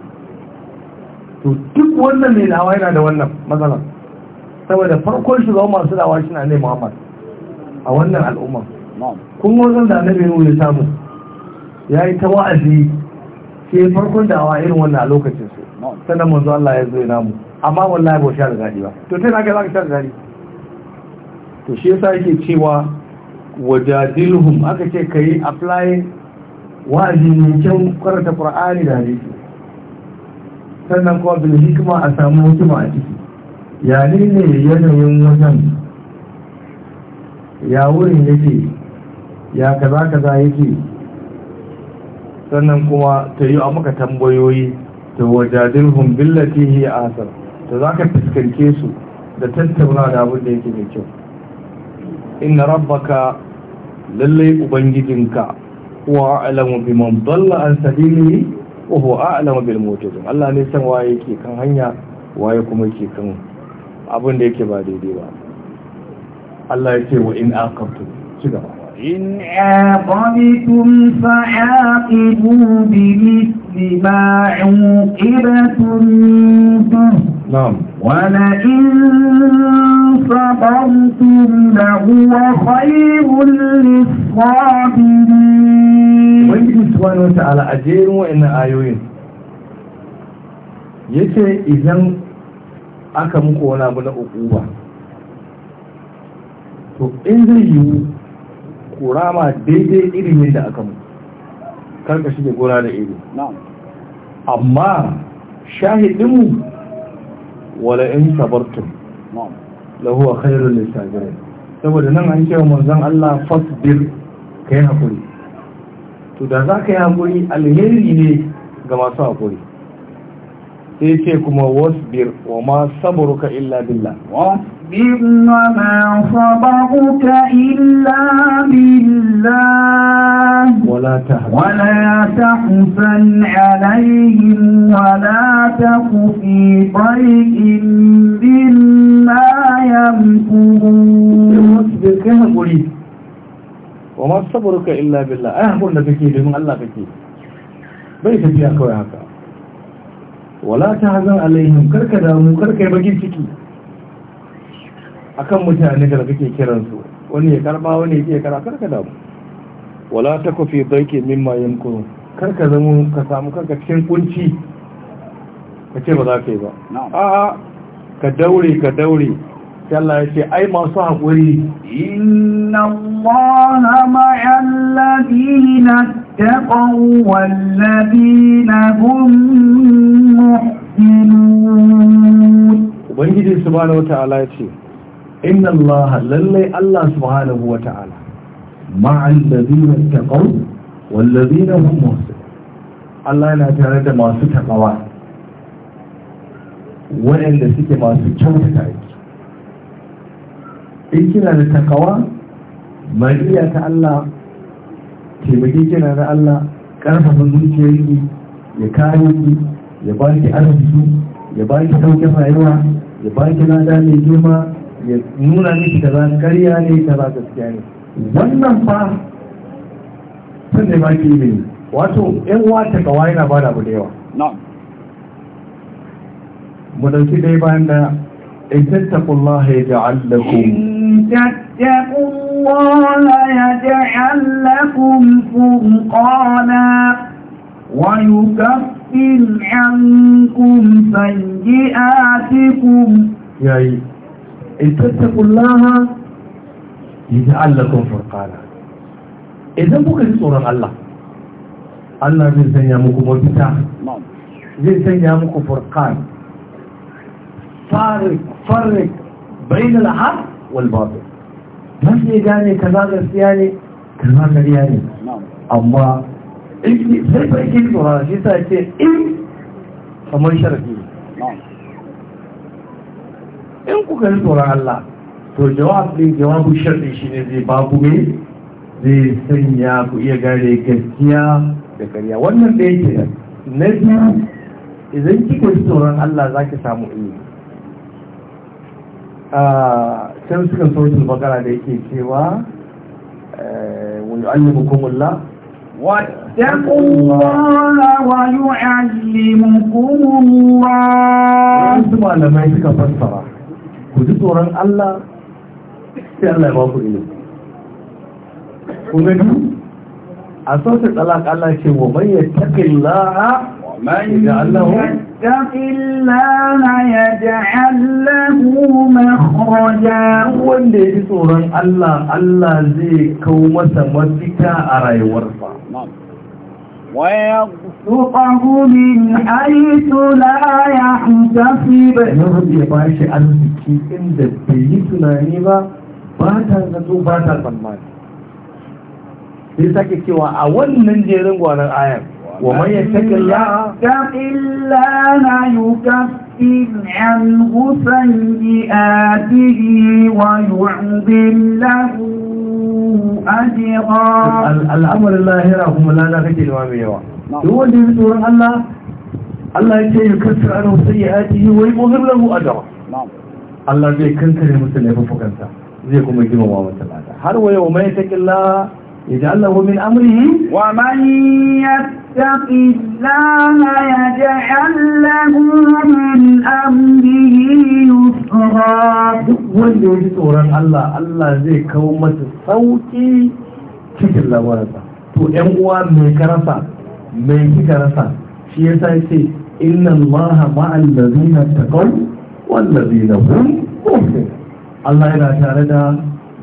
to duk wannan ne da yana na da wannan matsalar saboda farkon shugaban masu dawa shi na ne muhammad a wannan al'umma kun wanzan da annabi ya samu ya yi ta wa'azi ke farkon dawa irin wannan a lokacin su sannan manzo Allah ya zo ya namu amma wallahi ba sha da gadi ba to tana ga zaka sha da gadi to shi yasa yake cewa wajadilhum aka ce kai applying wa'azi mai kyau karanta qur'ani da hadisi sannan kuma bil hikima a samu hikima a ciki ya ne ne yanayin wajen ya wurin yake ya kaza kaza yake sannan kuma ta yi a maka tambayoyi ta wajadin humbin latihi a asar ta za ka fuskanke su da tattauna da abin da yake mai kyau inna rabbaka lallai ubangijinka wa’alamu a'lamu man dalla an sabili wa huwa a'lamu bil mutadin Allah ne san waye yake kan hanya waye kuma yake kan abin da yake ba daidai ba Allah yake wa in aqabtum ci gaba in aqabtum fa'aqibu bi بما عوقبتم به نعم ولئن صبرتم لهو خير للصابرين وإن سبحانه وتعالى أجير وإن آيوين yace idan aka ولا wani abu na ukuba to in zai yiwu kurama daidai irin yadda aka muku karka shige gona da ido amma shahidinmu wala in sabartum lahuwa khairul lisabirin saboda nan an cewa manzon Allah fasbir yi hakuri to da za ka yi hakuri alheri ne ga masu hakuri sai ce kuma wasbir wa ma ka illa billa. واصبر وما صبرك إلا بالله ولا تحزن, ولا تحزن عليهم ولا تك في ضيق مما يمكرون وما صبرك إلا بالله أهبرنا بكي لمن الله بك بيت فيها كوي هكا ولا تحزن عليهم كركدا ومكركي بكي تكي akan mutane da kake kiran su wani ya karba wani ya ke kara karka damu wala ta kofi baike mimma yankuru karka zama ka samu karka cikin kunci ka ce ba za ka yi ba a ka daure ka daure Allah ya ce ai masu haƙuri inna allaha ma ladina taqaw wal hum muhsinun ubangiji subhanahu wata'ala ya ce inna Allah lallai Allah subhanahu wa ta'ala ma'al ladina taqaw wal ladina hum muhsin Allah yana tare da masu taqawa waɗanda suke masu kyautata aiki in kina da taqawa mariya ta Allah taimake kina da Allah ƙarfafa zuciyarki ya kare ki ya ba ki arziki ya ba ki sauƙin rayuwa ya ba ki lada mai girma ya nuna miki da ba karya ne ta ba gaskiya ne wannan fa sun ne maki ne wato yan wata kawai yana ba da abu da yawa mu dauki dai bayan da in tattakullaha ya ja'al lakum tattakullaha ya ja'al lakum furqana ويكفر عنكم سيئاتكم يا أيها إن تتقوا الله يجعل لكم فرقانا إذا بكل سورة الله الله جنسان يامكم وبتاع نعم. جنسان يامكم فرقان فارق فارق بين الحق والباطل من يجاني كذا غسياني كذا غسياني نعم. أما إيه سيبا إيه سورة جنسان إيه أما يشرفي in kuka yi tsoron Allah to jawab din jawabu sharɗi shi ne zai babu mai zai sanya ku iya gare gaskiya da karya wannan da yake na biyu idan kika yi tsoron Allah za ki samu a can suka sautin bakara da yake cewa wani alimukumullah واتقوا الله ويعلمكم الله ku ji tsoron Allah sai Allah ya ba ku ilimi kuma biyu a sautar talaka Allah ce wa man yattaqillaha man ya'allahu yattaqillaha yaj'al lahu makhraja wanda ya ji tsoron Allah Allah zai kawo masa mafita a rayuwarsa ويرزقه من حيث لا يحتسب يهد يباش arziki inda bai yi tunani ba ba ta zato ba ta tsammani sai sake cewa a wannan jerin gwanon ayar wa يكفر عنه سيئاته ويعظم له أجرا الأمر الله يراهم لا نفت الواميوة يقول لي بسورة الله الله يكفر عنه سيئاته ويعظم له أجرا الله زي كنكر المسلم فوق انت زي كما يجمع الله تعالى هل ويوم يتك الله يجعل له من أمره ومن يتق الله يجعل له من أمره يسرا wanda ya ji tsoron Allah Allah zai kawo masa sauki cikin lamararsa to ‘yan uwa mai karasa mai kika rasa shi ya sa ce inna Allah ma'al lazina taqaw wal lazina hum muhsin Allah yana tare da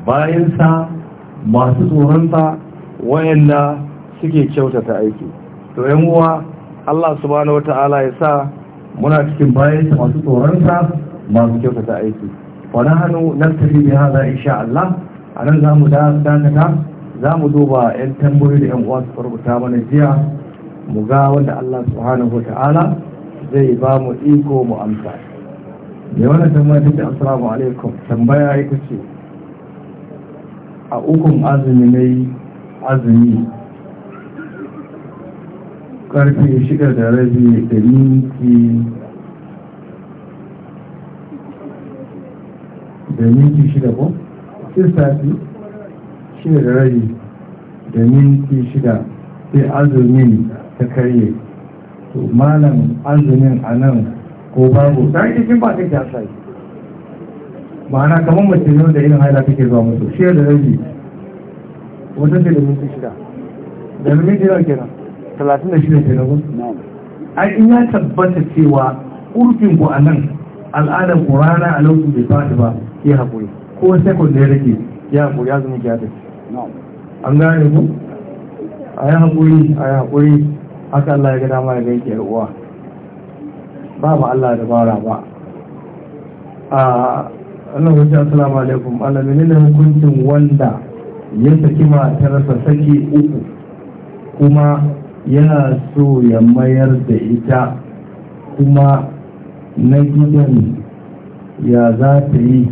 bayansa masu tsoronsa wayanda suke kyautata aiki to yan uwa Allah subhanahu wata'ala ya sa muna cikin bayan masu tsoronsa masu kyautata aiki wani hannu nan tafi bi haza insha Allah a nan za mu dakata za mu duba yan tambayoyi da yan uwa su rubuta mana jiya mu ga wanda Allah subhanahu wata'ala zai ba mu iko mu amsa mai wannan tambaya ta ce assalamu alaikum tambaya ita ce a ukun azumi na yi azumi karfe shida da rabi da minti da minti shida ko? sissati shida da rabi da minti shida sai azumin ta karye to malam azumin a nan ko babu ta yi ba ta kyasa yi ma'ana kamar mace yau da irin haila take zuwa musu shi da rabi wata ce da minti shida da minti shida kenan talatin da shida kenan ko ai in ya tabbata cewa urfin ku a nan al'adar ku rana a lokacin bai fata ba ke haƙuri ko sekund da ya rage ya haƙuri ya zama ya tafi an gane ku a yi haƙuri a yi haƙuri haka Allah ya ga dama da gaike uwa ba ba Allah da bara ba allah wuce asalamu alaikum alamin ne hukuncin wanda ya saki matarsa saki uku kuma yana so ya mayar da ita kuma na gidan ya za ta yi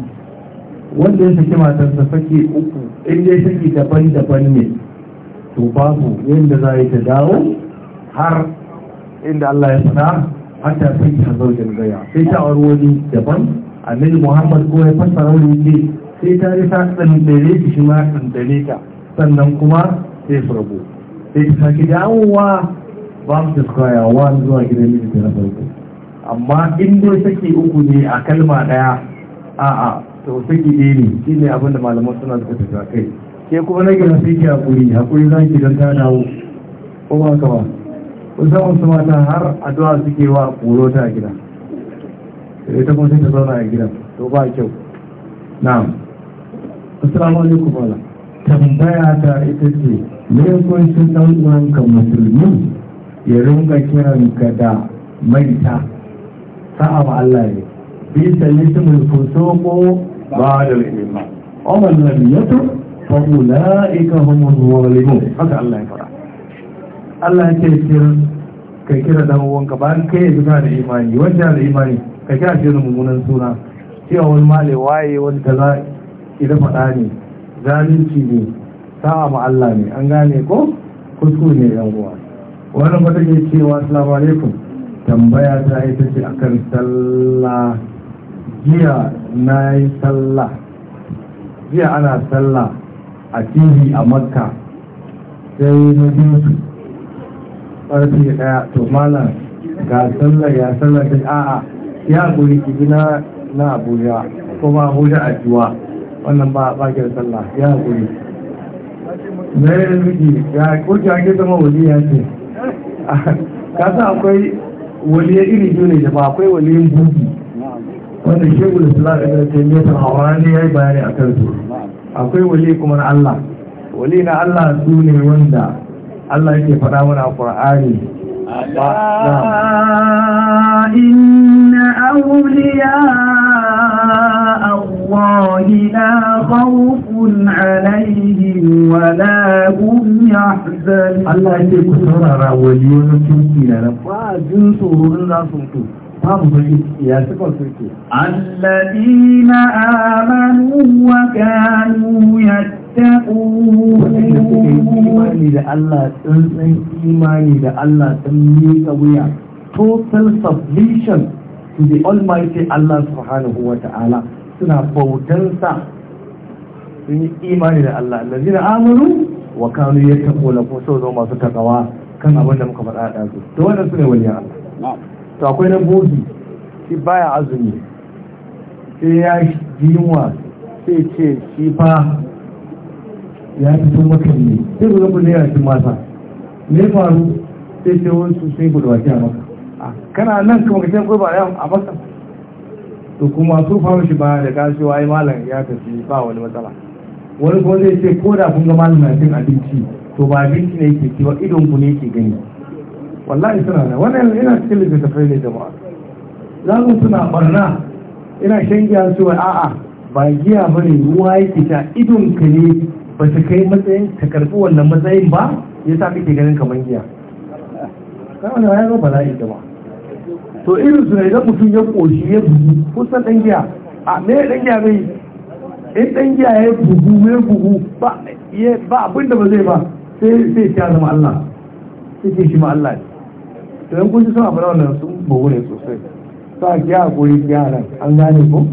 wanda ya saki matarsa saki uku in dai saki daban-daban ne to babu yadda za yi ta dawo har inda Allah ya sana hatta sai ta zo gaya sai ta wani daban Amin muhammad ko ya fassara wani ce sai ta yi ta ɗanɗare shi shi ma ta sannan kuma sai su rabu sai ta sake dawowa ba mu taskayawa zuwa gidan ta na farko amma in dai sake uku ne a kalma ɗaya a'a to sake ɗaya ne shi ne abin da malaman suna suka tafi kai ke kuma na gina sai ki hakuri, haƙuri za ki don ta dawo ko ba ka ba wasu mata har addu'a suke wa ƙoro ta gida ita kuma sai ta zauna a gidan to ba kyau na'am assalamu alaikum wala tambaya ta ita ce me kuncin dan uwanka musulmi ya rinka kiran ka da maita sa'a ba Allah ne bisa yismul fusuqu ba'da al-iman amma lam yatub fa ulaika humul zalimun haka Allah ya fara Allah ya ce ka kira dan uwanka bayan kai ya zuba da imani wanda da imani ka kira shi da mummunan suna cewa wani male waye wani kaza ida faɗa ne zalunci ne sa'a ma Allah ne an gane ko kuskure ne yan uwa wannan fata ne cewa assalamu alaikum tambaya ta ita ce akan sallah jiya na yi sallah jiya ana sallah a tv a makka sai na biyu su ƙarfi ɗaya to malam ga sallah ya sallah ta a'a ya guri ki na na abuja ko ma abuja a juwa wannan ba bakin ki sallah ya guri na yi rikki ya kurki ake zama ya ce ka sa akwai ya iri biyu ne da ba akwai ya bugi wanda shegul islam nesa taymiyyah ne ya yi bayani a kansu akwai wali kuma na Allah wali na Allah su ne wanda Allah yake faɗa mana a Qur'ani نعم. إن أولياء الله لا خوف عليهم ولا هم يحزنون الله يجب سرر وليون الذين آمنوا وكانوا يتقون imani da Allah tsantsan imani da Allah sun miƙa wuya total submission to the almighty Allah subhanahu wa ta'ala suna bautansa sun yi imani da Allah allazi na amuru wa kanu ya tako na ko sau zama masu takawa kan abin da muka faɗa da su to wannan su ne wani Allah to akwai na bogi shi baya azumi sai ya yi yunwa sai ce shi fa ya fito maka ne sai ku zama ne a cikin masa me faru sai ce wasu sai ku da a maka kana nan kuma kashe kwai ba a maka to kuma su faru shi ba da kasuwa ai malam ya tafi ba wani matsala wani kuma zai ce ko da kun ga malam na cin abinci to ba abinci ne yake ci ba idon ku ne yake gani wallahi suna da wannan yana cikin littattafai ne jama'a za mu suna barna ina shan giya su a'a ba giya bane ruwa yake sha idon ka ne ba su kai matsayin ta karɓi wannan matsayin ba ya sa kake ganin kamar giya kawai ya zo bala'i da ba to irin su ne idan mutum ya ƙoshi ya bugu kusan ɗan giya a me dan giya mai in ɗan giya ya bugu ya bugu ba abin da ba zai ba sai sai ta zama Allah sai ke shi ma Allah ne to yan kun ji sun abu wannan sun bugu ne sosai sa giya ko koyi giya nan an gane ko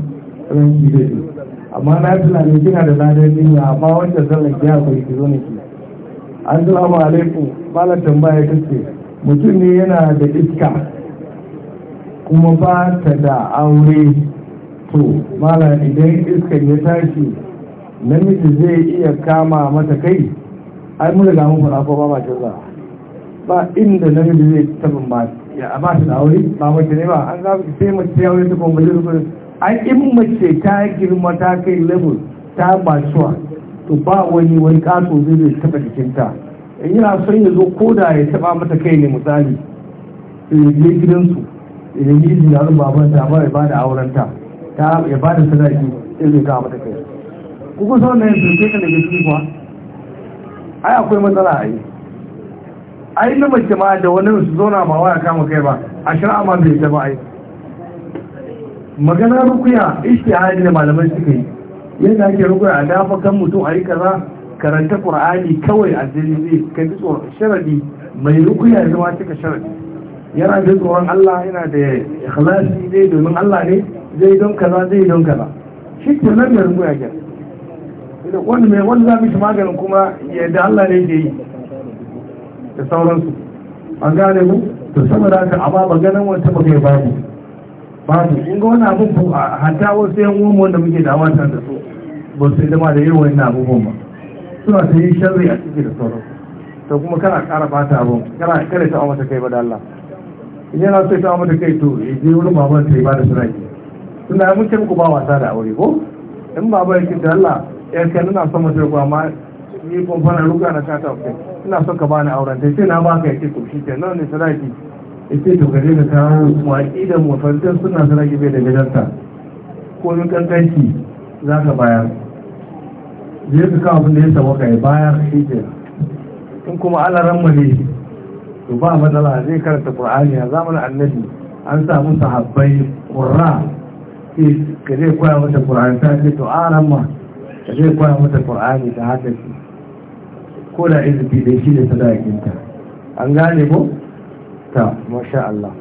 ran giya amma na tunani kina da ladan niyya amma wanda zan ki hakuri ki zo ne ki assalamu alaikum mallam tambaya kace mutum ne yana da iska kuma ba ta da aure to malam idan iskan ya tashi namiji zai iya kama mata kai ai mun riga mun fara ko ba ma canza ba inda namiji zai taba ba ya ba ta da aure ba mace ne ba an ga sai mace ya aure ta kuma ba zai an in mace ta girma ta kai level ta basuwa to ba wani wani kaso zai zai taba jikinta in yana son ya zo ko da ya taba mata kai ne misali ya gidansu ya yi ziyarar ta ba ya bada aurenta ta ya da sadaki sai zai kawo mata kai kuma sau da yin zurfe ka daga cikin kuwa ai akwai matsala a yi ai na mace ma da wani su zauna ba wa ya kama kai ba a shira'a ma bai ta ai magana rukuya ishtihadi da malamai suka yi yadda ake rukuya a dafa kan mutum a yi kaza karanta qur'ani kawai a zai ka ji tsoron sharadi mai rukuya ya zama cika sharadi yana da tsoron Allah yana da ikhlasi zai domin Allah ne zai don kaza zai don kaza shi ke nan mai rukuya ke wani mai wani zamu shi maganin kuma yadda Allah ne ke yi da sauransu an gane mu to saboda haka amma maganin wata ba kai babu babu in ga wani abubu a hata wasu yan uwan wanda muke da ta da su ba su dama da irin wannan abubuwan ba suna ta yi sharri a ciki da sauran to kuma kana kara bata abun kana kare ta mata kai ba da Allah in na so ta mata kai to ya je wurin baban ta yi ba da sarki tunda mun ce muku ba wasa da aure ko in baba yake da Allah yar kan ina son mutum ko amma ni kun fara ruga na ta ta ina son ka bani auren ta ce na baka yake to shi ke nan ne sarki ita to gare da ta waƙi da mafarkar suna suna gibe da gidanta ko yi kankanci za ka bayar zai ka kawo abin da ya samu ka yi shi ke in kuma ala ramale ne to ba matsala zai karanta qur'ani a zamanin annabi an samu sahabbai qurra ke kare zai koya mata qur'ani ta ce to alaran ma ka zai koya mata qur'ani ta haka ko da izifi da shi da sadakinta an gane ko ta masha Allah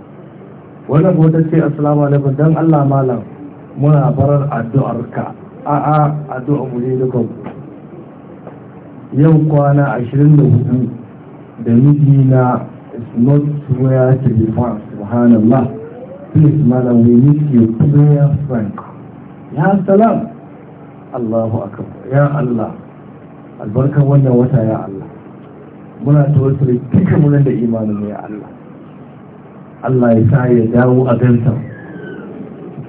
wannan ko ta ce assalamu alaikum dan Allah malam muna farar addu'ar ka a a addu'a mu ne duka yau kwana 24 da miji na is not where to be found subhanallah please malam we need your prayer frank ya salam Allahu akbar ya Allah albarkar wannan wata ya Allah muna tawassuli duka munan da imanin ya Allah Allah ya sa ya dawo a ganta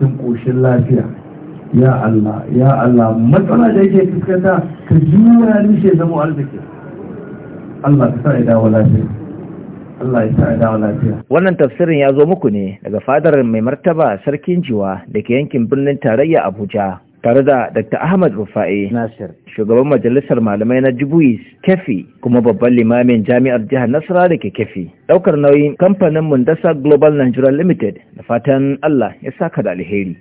cikin ƙoshin lafiya ya Allah ya Allah matsala da yake fuskanta ka jura shi ya zama arziki Allah ka sa ya dawo lafiya Allah ya sa ya dawo lafiya wannan tafsirin ya zo muku ne daga fadar mai martaba sarkin jiwa da ke yankin birnin tarayya Abuja tare da Dr. Ahmad Rufa'i Nasir shugaban majalisar malamai na Jubuis Kefi kuma babban limamin jami'ar jihar Nasara da ke Kefi daukar nauyin kamfanin Mundasa Global Nigeria Limited da fatan Allah ya saka da alheri